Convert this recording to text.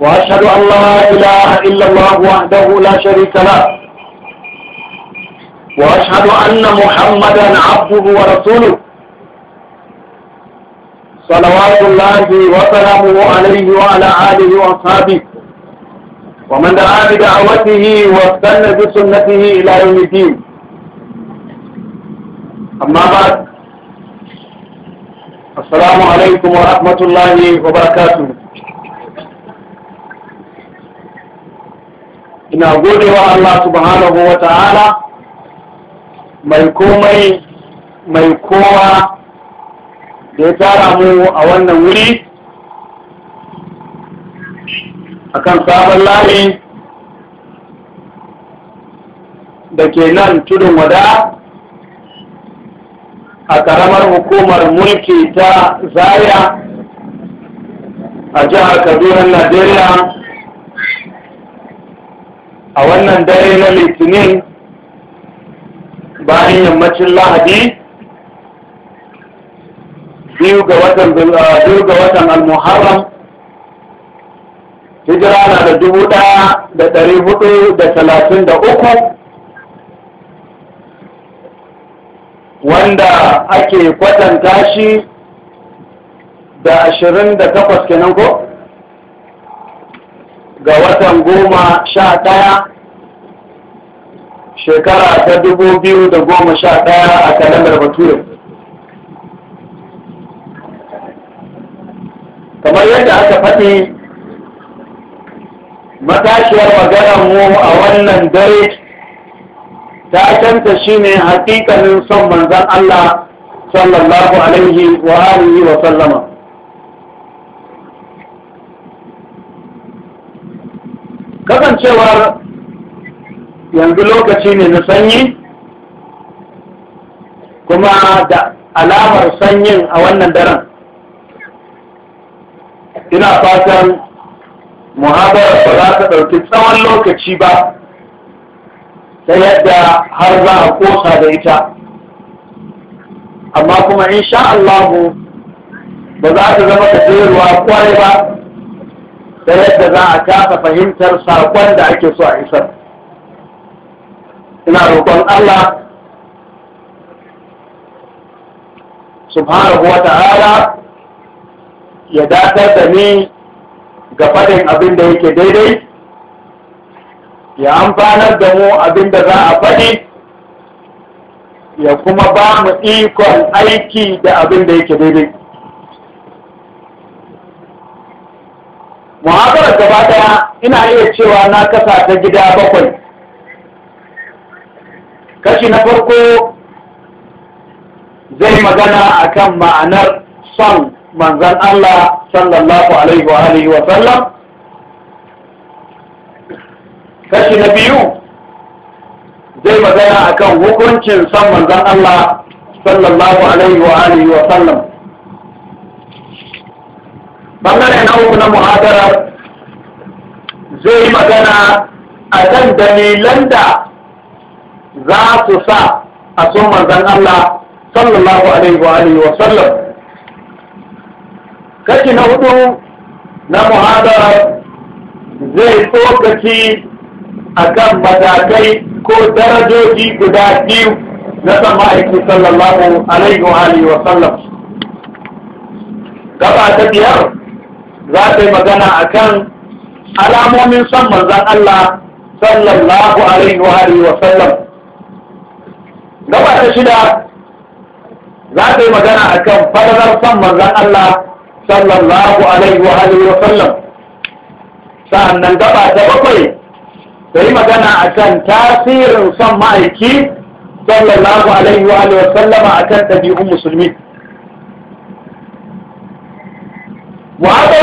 وأشهد أن لا إله إلا الله وحده لا شريك له وأشهد أن محمدا عبده ورسوله صلوات الله وسلامه عليه وعلى آله وأصحابه ومن دعا بدعوته واستنى بسنته إلى يوم الدين أما بعد السلام عليكم ورحمة الله وبركاته ina godewa Allah subhanahu wa ta'ala mai komai mai kowa da ya tara mu a wannan wuri akan sabon lami da ke nan tudun wada a karamar hukumar mulki ta zaya a jihar kaduna najeriya a wannan dare na litinin bayan yammacin lahadi biyu ga watan ah, biyu al hijira na da dubu ɗaya da ɗari hudu da talatin da uku wanda ake kwatanta shi da ashirin da takwas kenan ko? ga watan goma sha ɗaya shekara ta dubu biyu da goma sha ɗaya a kalandar bature kamar yadda aka faɗi matashiyar maganar mu a wannan dare ta canta ne haƙiƙanin son manzan Allah sallallahu alaihi wa alihi wa sallama kasancewar yanzu lokaci ne na sanyi kuma da alamar sanyin a wannan daren ina fatan muhabarar ba za ta ɗauki tsawon lokaci ba ta yadda har za a kosa da ita amma kuma insha Allahu ba za ta zama gajeruwa kwarai ba ta yadda za a kasa fahimtar sakon da ake so a isar ina roƙon Allah subhanahu wa ta'ala ya datar da ni ga faɗin abin da yake daidai ya amfanar da mu abin da za a faɗi ya kuma ba mu ikon aiki da abin da yake daidai muhabarar gaba daya ina iya cewa na kasa ta gida bakwai kashi na farko zai magana akan ma'anar son manzan Allah sallallahu alaihi wa alihi wa sallam kashi na biyu zai magana akan hukuncin son manzan Allah sallallahu alaihi wa alihi wa sallam bangare na uku na muhadara zai yi magana a kan dalilan da za su sa a so manzan Allah sallallahu alaihi wa alihi wa sallam kashi na hudu na muhadara zai tsokaci a kan matakai ko darajoji guda biyu na san ma'aiki sallallahu alaihi wa alihi wa sallam gaba ta biyar za ta yi magana akan alamomin son manzan Allah sallallahu alaihi wa alihi wa sallam gaba ta shida za ta yi magana akan fadadar son manzan Allah sallallahu alaihi wa alihi wa sallam sannan gaba ta bakwai ta yi magana akan tasirin son ma'aiki sallallahu alaihi wa alihi wa sallama akan ɗabi'un musulmi Wa